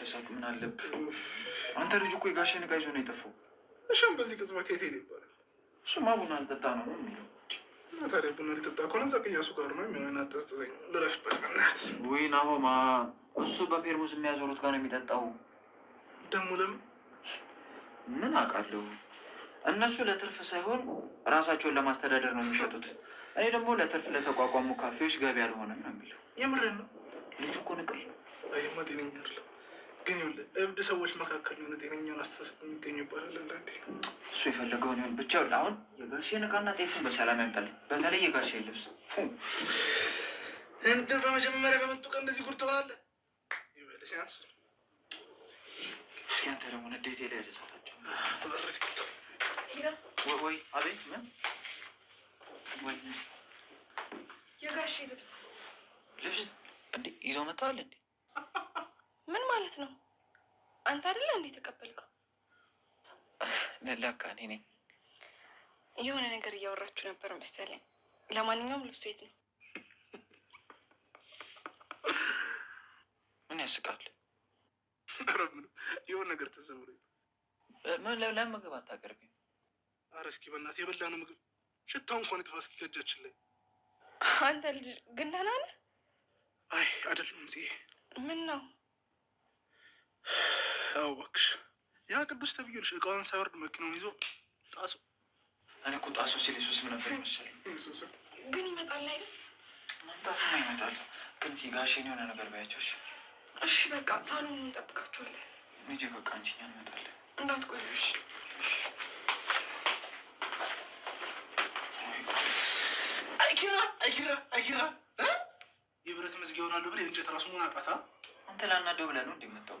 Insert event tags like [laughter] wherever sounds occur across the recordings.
ብትሳቅ ምን አለብ? አንተ ልጅ እኮ የጋሼን ዕቃ ይዞ ነው የጠፋው። እሺም በዚህ ቅጽበት የት ሄደ ይባላል? እሱማ ቡና አልጠጣ ነው የሚለው። ታዲያ ቡና ከሆነ ነው የሚሆን። ልረፍበት ወይ ናሆማ፣ እሱ በፔርሙዝ የሚያዞሩት ጋር ነው የሚጠጣው። ለምን ምን አውቃለሁ። እነሱ ለትርፍ ሳይሆን ራሳቸውን ለማስተዳደር ነው የሚሸጡት። እኔ ደግሞ ለትርፍ ለተቋቋሙ ካፌዎች ገቢ አልሆነም ነው የሚለው። ነው ልጁ እኮ ንቅል ነው። ጤነኛ አይደለም ግን ይኸውልህ እብድ ሰዎች መካከል የሆነ ጤነኛውን አስተሳሰብ የሚገኙ ይባላል። አንዳንዴ እሱ የፈለገውን ይሁን ብቻ አሁን የጋሼን ንቃና ጤፉን በሰላም ያምጣልን። በተለይ የጋሼን ልብስ እንደ በመጀመሪያ በመጡ ቀን እንደዚህ ጉድ ትሆናለህ። እስኪ አንተ ደግሞ ንዴት ላይ ልሳላቸው ወይ አቤት ምን ወይ የጋሼ ልብስ ልብስ እንዴ ይዞ መጥተዋል እንዴ ምን ማለት ነው? አንተ አይደለ እንዴ ተቀበልከው? ለላካ እኔ ነኝ። የሆነ ነገር እያወራችሁ ነበር መሰለኝ። ለማንኛውም ልብስ ቤት ነው። ምን ያስቃል? የሆነ ነገር ትዝ ብሎኝ ለምን ምግብ አታቀርቢ? አረ እስኪ በእናትህ የበላነው ምግብ ሽታው እንኳን የተፋስኪ እስኪ ከእጃችን ላይ። አንተ ልጅ ግን ደህና ነህ? አይ አይደለም። ምን ነው ያው እባክሽ ያ ቅዱስ ተብዬልሽ እቃውን ሳይወርድ መኪናውን ይዞ ጣሱ። እኔ እኮ ጣሱ ሲል ሱስም ነበር ይመስለኝ። ግን ይመጣል አይደል? መምጣትማ ይመጣል። ግን እዚህ ጋሼን የሆነ ነገር ባያቸውሽ። እሺ በቃ ሳሎን እንጠብቃችኋለን። ልጅ በቃ አንቺ እኛ እንመጣለን፣ እንዳትቆዩሽ አይኪራ አይኪራ አይኪራ የብረት መዝጊያ ይሆናሉ ብለህ የእንጨት ራሱ መሆን አቃታ። አንተ ላናደው ብለህ ነው እንደመጣው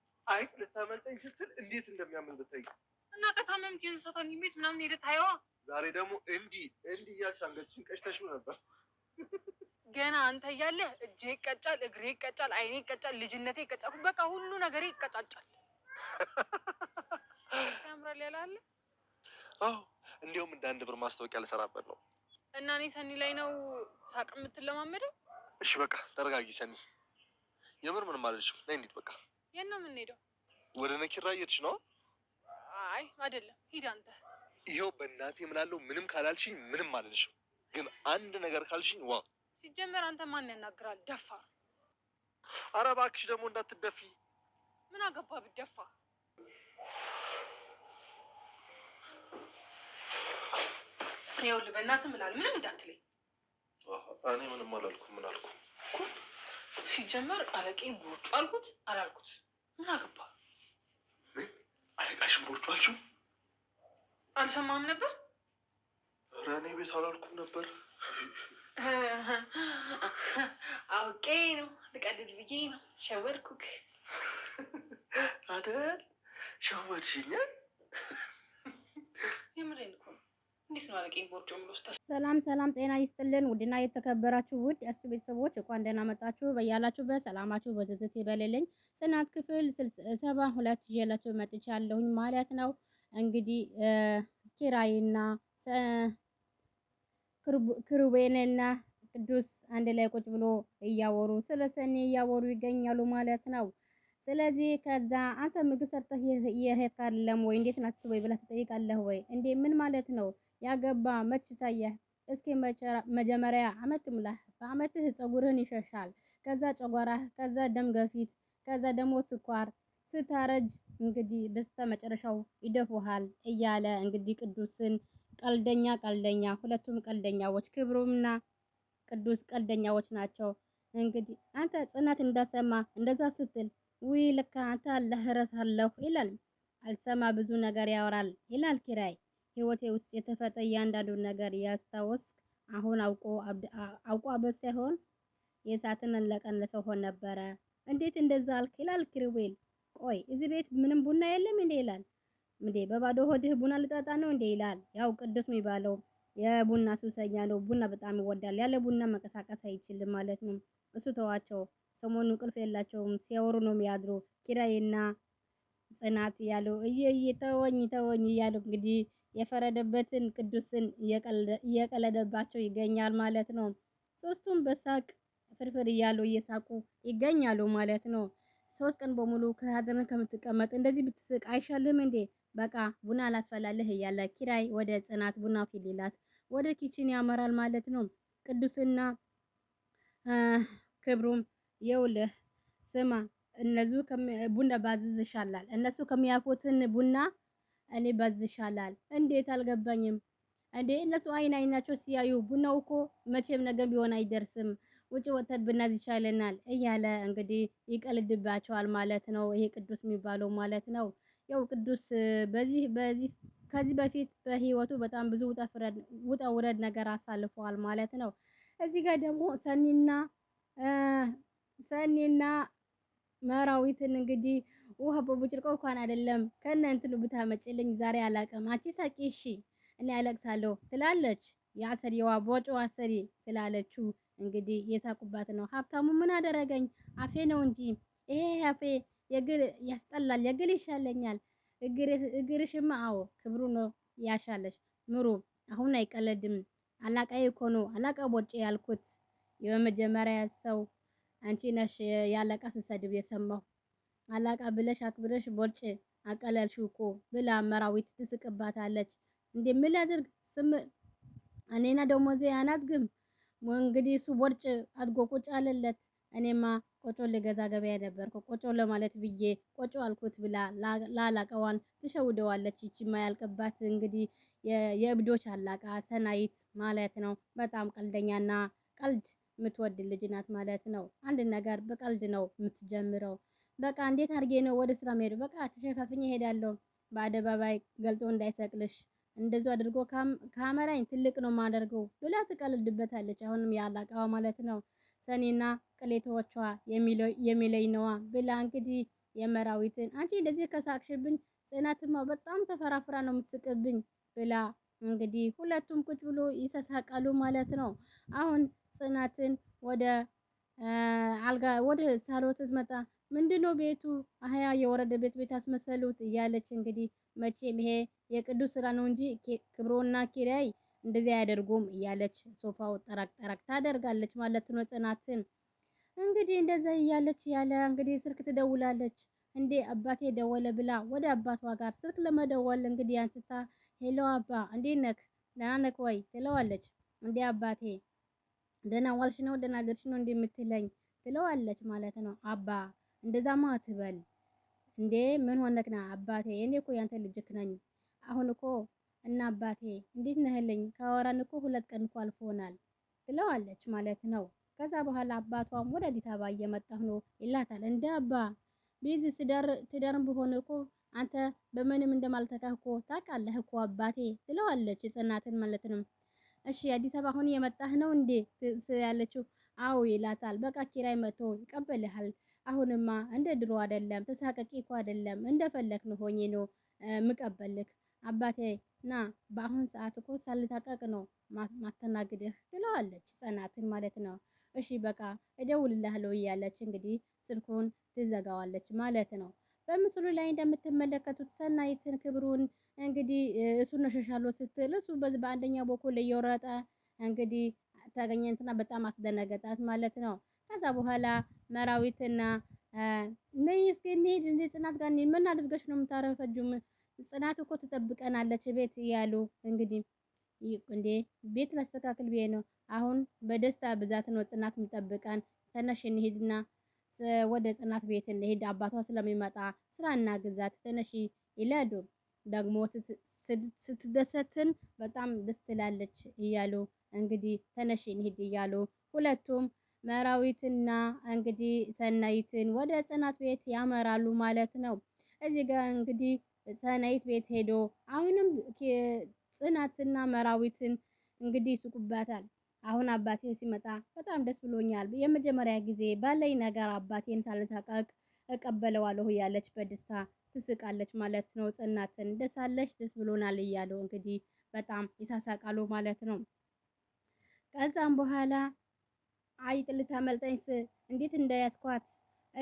አይ ልታመልጠኝ ስትል እንዴት እንደሚያምን ብታይ እና ከታመም ጊዜ ሰተን ቤት ምናምን ሄደ ታየዋ። ዛሬ ደግሞ እንዲ እንዲ እያልሽ አንገትሽን ቀጭተሽው ነበር። ገና አንተ እያለህ እጄ ይቀጫል፣ እግሬ ይቀጫል፣ አይኔ ይቀጫል፣ ልጅነቴ ይቀጫል፣ በቃ ሁሉ ነገሬ ይቀጫጫል። ያምራል ያላለ አዎ። እንዲሁም እንደ አንድ ብር ማስታወቂያ ልሰራበት ነው እና እኔ ሰኒ ላይ ነው ሳቅ የምትለማመደው። እሺ በቃ ተረጋጊ ሰኒ፣ የምር ምንም አልልሽም። ነይ እንዴት በቃ የት ነው የምንሄደው? ወደ ነኪራ እየሄድሽ ነው? አይ አይደለም፣ ሂድ አንተ። ይኸው በእናቴ ምናለው፣ ምንም ካላልሽኝ ምንም አልልሽም፣ ግን አንድ ነገር ካልሽኝ ዋ። ሲጀመር አንተ ማን ያናግራል? ደፋር። ኧረ እባክሽ ደግሞ እንዳትደፊ። ምን አገባ ብደፋ ይኸውልህ በእናትህ ምናል ምንም እንዳትለኝ። እኔ ምንም አላልኩም። ምን አልኩ ሲጀመር አለቄን ቦርጩ አልኩት አላልኩት ምን አገባ? አለቃሽን ቦርጩ አልችው አልሰማም ነበር። ኧረ እኔ ቤት አላልኩም ነበር። [laughs] አውቄ ነው ልቀልድ ብዬ ነው። ሸወድኩክ አደል? ሸወድሽኛል። የምሬን እኮ ነው ሰላም ሰላም፣ ጤና ይስጥልን። ውድና የተከበራችሁ ውድ እርሱ ቤተሰቦች እንኳን ደህና መጣችሁ። በያላችሁበት ሰላማችሁ በዝዝት ይበልልኝ። ጽናት ክፍል ሰባ ሁለት ይዤላችሁ መጥቻለሁኝ ማለት ነው። እንግዲህ ኪራይና ክሩቤልና ቅዱስ አንድ ላይ ቁጭ ብሎ እያወሩ ስለ ሰኔ እያወሩ ይገኛሉ ማለት ነው። ስለዚህ ከዛ አንተ ምግብ ሰርተህ የሄድክ አይደለም ወይ? እንዴት ናችሁ ወይ ብላ ትጠይቃለህ ወይ? እንዴ ምን ማለት ነው? ያገባ መች ታየህ? እስኪ መጀመሪያ አመት ሙላህ። በአመትህ ጸጉርህን ይሸሻል፣ ከዛ ጨጓራህ፣ ከዛ ደም ገፊት ከዛ ደግሞ ስኳር። ስታረጅ እንግዲህ በስተ መጨረሻው ይደፉሃል እያለ እንግዲህ ቅዱስን ቀልደኛ ቀልደኛ ሁለቱም ቀልደኛዎች ክብሩምና ቅዱስ ቀልደኛዎች ናቸው። እንግዲህ አንተ ጽናት እንዳሰማ እንደዛ ስትል ውይ ለካ አንተ አለህ ረሳለሁ ይላል። አልሰማ ብዙ ነገር ያወራል ይላል ኪራይ ህይወቴ ውስጥ የተፈጠ እያንዳንዱን ነገር ያስታወስክ አሁን አውቆ አበድ ሳይሆን የእሳትን ለቀለሰው ሆን ነበረ። እንዴት እንደዛ አልክ? ይላል ቆይ እዚህ ቤት ምንም ቡና የለም እንዴ? ይላል። እንዴ በባዶ ሆድህ ቡና ልጠጣ ነው እንዴ? ይላል። ያው ቅዱስ የሚባለው የቡና ሱሰኛ ነው። ቡና በጣም ይወዳል። ያለ ቡና መንቀሳቀስ አይችልም ማለት ነው። እሱ ተዋቸው፣ ሰሞኑን ቅልፍ የላቸውም ሲያወሩ ነው የሚያድሩ። ኪራይና ጽናት እያሉ እየተወኝ ተወኝ እያሉ እንግዲህ የፈረደበትን ቅዱስን እየቀለደባቸው ይገኛል ማለት ነው። ሶስቱም በሳቅ ፍርፍር እያሉ እየሳቁ ይገኛሉ ማለት ነው። ሶስት ቀን በሙሉ ከሀዘን ከምትቀመጥ እንደዚህ ብትስቅ አይሻልም እንዴ? በቃ ቡና ላስፈላልህ እያለ ኪራይ ወደ ጽናት ቡና ፊሊላት ወደ ኪችን ያመራል ማለት ነው። ቅዱስና ክብሩም የውልህ ስማ እነዙ ቡና ባዝዝ ይሻላል እነሱ ከሚያፉትን ቡና እኔ ባዝሻላል። እንዴት አልገባኝም እንዴ እነሱ አይን አይናቸው ሲያዩ ቡናው እኮ መቼም ነገ ቢሆን አይደርስም፣ ውጭ ወተት ብናዝ ይሻለናል እያለ እንግዲህ ይቀልድባቸዋል ማለት ነው። ይሄ ቅዱስ የሚባለው ማለት ነው። ያው ቅዱስ በዚህ በዚህ ከዚህ በፊት በህይወቱ በጣም ብዙ ውጣ ውረድ ነገር አሳልፈዋል ማለት ነው። እዚህ ጋር ደግሞ ሰኒና ሰኒና መራዊትን እንግዲህ ውሃ በቡጭርቆ እንኳን አይደለም ከእናንትኑ ብታመጭልኝ ዛሬ አላቅም። አንቺ ሳቂ እሺ፣ እኔ አለቅሳለሁ ትላለች የአሰሪዋ ቦጮ አሰሪ ስላለችው እንግዲህ የሳቁባት ነው። ሀብታሙ ምን አደረገኝ? አፌ ነው እንጂ ይሄ አፌ የግል ያስጠላል፣ የግል ይሻለኛል። እግርሽማ አዎ ክብሩ ነው ያሻለች። ምሩ አሁን አይቀለድም። አላቃይ እኮ ነው አላቃ ቦጭ ያልኩት የመጀመሪያ ሰው አንቺ ነሽ። ያለቃ ስሰድብ የሰማሁ አላቃ ብለሽ አክብረሽ ቦርጭ አቀለልሽው እኮ ብላ መራዊት ትስቅባታለች። ምን ላድርግ ስም እኔና ደሞዜ አናድግም። እንግዲህ እሱ ቦርጭ አድጎ ቁጭ አለለት። እኔማ ቆጮ ልገዛ ገበያ ነበርኩ ቆጮ ለማለት ብዬ ቆጮ አልኩት ብላ ላላቀዋን ትሸውደዋለች። ይቺ ማያልቅባት እንግዲህ የእብዶች አላቃ ሰናይት ማለት ነው። በጣም ቀልደኛና ቀልድ የምትወድ ልጅ ናት ማለት ነው። አንድ ነገር በቀልድ ነው የምትጀምረው። በቃ እንዴት አድርጌ ነው ወደ ስራ መሄዱ? በቃ ተሸፋፍኝ እሄዳለሁ። በአደባባይ ገልጦ እንዳይሰቅልሽ እንደዚ አድርጎ ካመራኝ ትልቅ ነው ማደርገው ብላ ትቀልድበታለች። አሁንም ያላቃዋ ማለት ነው ሰኔና ቅሌቶቿ የሚለይ ነዋ ብላ እንግዲህ የመራዊትን አንቺ እንደዚህ ከሳቅሽብኝ ጽናትማ በጣም ተፈራፍራ ነው የምትስቅብኝ ብላ እንግዲህ ሁለቱም ቁጭ ብሎ ይሰሳቃሉ ማለት ነው። አሁን ጽናትን ወደ አልጋ ወደ ሳሎን ስትመጣ ምንድነው ቤቱ አህያ የወረደ ቤት ቤት አስመሰሉት እያለች እንግዲህ መቼም ይሄ የቅዱስ ስራ ነው እንጂ ክብሮና ኪራይ እንደዚህ አያደርጉም እያለች ሶፋው ጠራቅ ጠራቅ ታደርጋለች ማለት ነው። ጽናትን እንግዲህ እንደዛ እያለች ያለ እንግዲህ ስልክ ትደውላለች። እንዴ አባቴ ደወለ ብላ ወደ አባቷ ጋር ስልክ ለመደወል እንግዲህ አንስታ ሄሎ አባ እንዴ ነክ ደህና ነክ ወይ ትለዋለች። እንዴ አባቴ ደህና ዋልሽ ነው ደህና አደርሽ ነው እንደምትለኝ ትለዋለች ማለት ነው አባ እንደዛማ አትበል እንዴ! ምን ሆነክና አባቴ፣ እኔ እኮ ያንተ ልጅክ ነኝ። አሁን እኮ እና አባቴ እንዴት ነህልኝ? ካወራን እኮ ሁለት ቀን እኮ አልፎናል ትለዋለች ማለት ነው። ከዛ በኋላ አባቷም ወደ አዲስ አበባ እየመጣሁ ነው ይላታል። እንደ አባ ቢዚ ትዳርም በሆነ እኮ አንተ በምንም እንደማልተካህ እኮ ታውቃለህ እኮ አባቴ ትለዋለች ጽናትን ማለት ነው። እሺ አዲስ አበባ አሁን እየመጣህ ነው እንዴ ያለችው። አው ይላታል። በቃ ኪራይ መቶ ይቀበልሃል አሁንማ እንደ ድሮ አይደለም፣ ተሳቀቂ እኮ አይደለም፣ እንደፈለክ ነው ሆኜ ነው ምቀበልክ። አባቴ ና በአሁን ሰዓት እኮ ሳልሳቀቅ ነው ማስተናግድህ ትለዋለች፣ ጽናትን ማለት ነው። እሺ በቃ እደውልልሃለሁ እያለች እንግዲህ ስልኩን ትዘጋዋለች ማለት ነው። በምስሉ ላይ እንደምትመለከቱት ሰናይትን ክብሩን እንግዲህ እሱን እሸሻለሁ ስትል እሱ በዚህ በአንደኛው በኩል እየወረጠ እንግዲህ ተገኘንትና በጣም አስደነገጣት ማለት ነው። ከዛ በኋላ መራዊትና ነይ እስኪ እንሂድ እንደ ጽናት ጋር እንሂድ። ምን አድርገሽ ነው የምታረፈጁም? ጽናት እኮ ትጠብቀናለች ቤት እያሉ እንግዲህ እንዴ ቤት ላስተካክል ብዬ ነው። አሁን በደስታ ብዛት ነው ጽናት የምጠብቀን። ተነሽ እንሂድና ወደ ጽናት ቤት እንሂድ፣ አባቷ ስለሚመጣ ስራ ግዛት ተነሽ ይላሉ። ደግሞ ስትደሰትን በጣም ደስ ትላለች እያሉ እንግዲህ ተነሽ እንሂድ እያሉ ሁለቱም መራዊትና እንግዲህ ሰናይትን ወደ ጽናት ቤት ያመራሉ ማለት ነው። እዚህ ጋር እንግዲህ ሰናይት ቤት ሄዶ አሁንም ጽናትና መራዊትን እንግዲህ ይስቁባታል። አሁን አባቴ ሲመጣ በጣም ደስ ብሎኛል። የመጀመሪያ ጊዜ ባለኝ ነገር አባቴን ሳልሳቀቅ እቀበለዋለሁ እያለች በደስታ ትስቃለች ማለት ነው። ጽናትን ደስ አለሽ፣ ደስ ብሎናል እያለው እንግዲህ በጣም ይሳሳቃሉ ማለት ነው። ከዛም በኋላ አይጥ ልታመልጠኝስ እንዴት እንዳያስኳት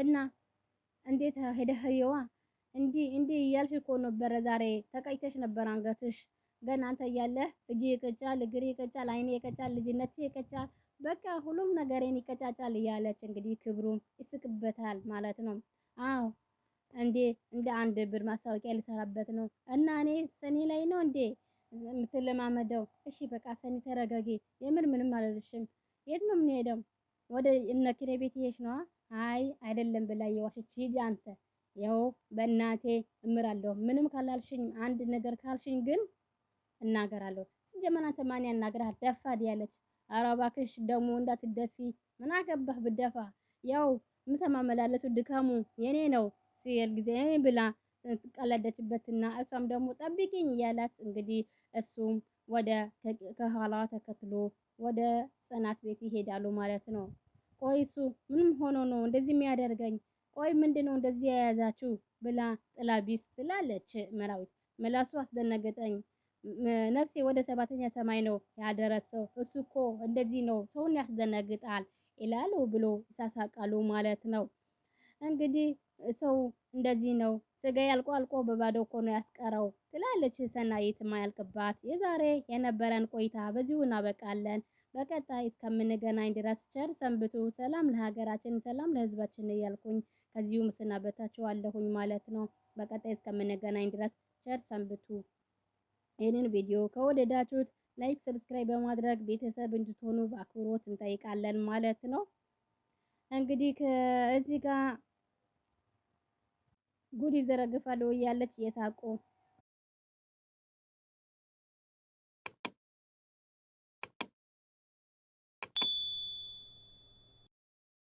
እና እንዴት ሄደህ የዋ እንዲ እንዲህ እያልሽ እኮ ነበረ ዛሬ ተቀይተሽ ነበር አንገትሽ። ገና አንተ እያለህ እጅ ይቀጫል፣ እግር ይቀጫል፣ አይኔ ይቀጫል፣ ልጅነት ይቀጫል፣ በቃ ሁሉም ነገሬን ይቀጫጫል እያለች እንግዲህ ክብሩም ይስቅበታል ማለት ነው። አዎ እንዴ እንደ አንድ ብር ማስታወቂያ ልሰራበት ነው እና እኔ ሰኔ ላይ ነው እንዴ የምትለማመደው? እሺ በቃ ሰኔ ተረጋጊ፣ የምር ምንም አልልሽም። የት ነው የምንሄደው? ወደ እነ ኪሬ ቤት ይሄሽ ነዋ። አይ አይደለም ብላ የዋሸች ሂድ አንተ። ይኸው በእናቴ እምራለሁ። ምንም ካላልሽኝ፣ አንድ ነገር ካልሽኝ ግን እናገራለሁ። ስንጀመር አንተ ማን ያናግራል ደፋ ያለች። ኧረ እባክሽ ደግሞ እንዳትደፊ። ምን አገባህ ብደፋ? ያው ምሰማ መላለሱ ድካሙ የኔ ነው ሲል ጊዜ ብላ ትቀለደችበትና እሷም ደግሞ ጠብቂኝ እያላት እንግዲህ እሱም ወደ ከኋላ ተከትሎ ወደ ጽናት ቤት ይሄዳሉ ማለት ነው። ቆይ እሱ ምንም ሆኖ ነው እንደዚህ የሚያደርገኝ? ቆይ ምንድን ነው እንደዚህ የያዛችሁ ብላ ጥላቢስ ትላለች መራዊት። መላሱ አስደነገጠኝ። ነፍሴ ወደ ሰባተኛ ሰማይ ነው ያደረሰው። እሱ እኮ እንደዚህ ነው ሰውን ያስደነግጣል ይላሉ ብሎ ይሳሳቃሉ ማለት ነው። እንግዲህ ሰው እንደዚህ ነው ስጋ ያልቆ አልቆ በባዶ እኮ ነው ያስቀረው ትላለች የትማ ያልቅባት የዛሬ የነበረን ቆይታ በዚሁ እናበቃለን። በቀጣይ እስከምንገናኝ ድረስ ቸር ሰንብቱ። ሰላም ለሀገራችን፣ ሰላም ለህዝባችን እያልኩኝ ከዚሁ አለሁኝ ማለት ነው። በቀጣይ እስከምንገናኝ ድረስ ቸር ሰንብቱ። ይህንን ቪዲዮ ከወደዳችሁት ላይክ፣ ሰብስክራይብ በማድረግ ቤተሰብ እንድትሆኑ በአክብሮት እንጠይቃለን ማለት ነው። እንግዲህ እዚህ ጋር ጉድ ይዘረግፋል ወይ ያለች የሳቁ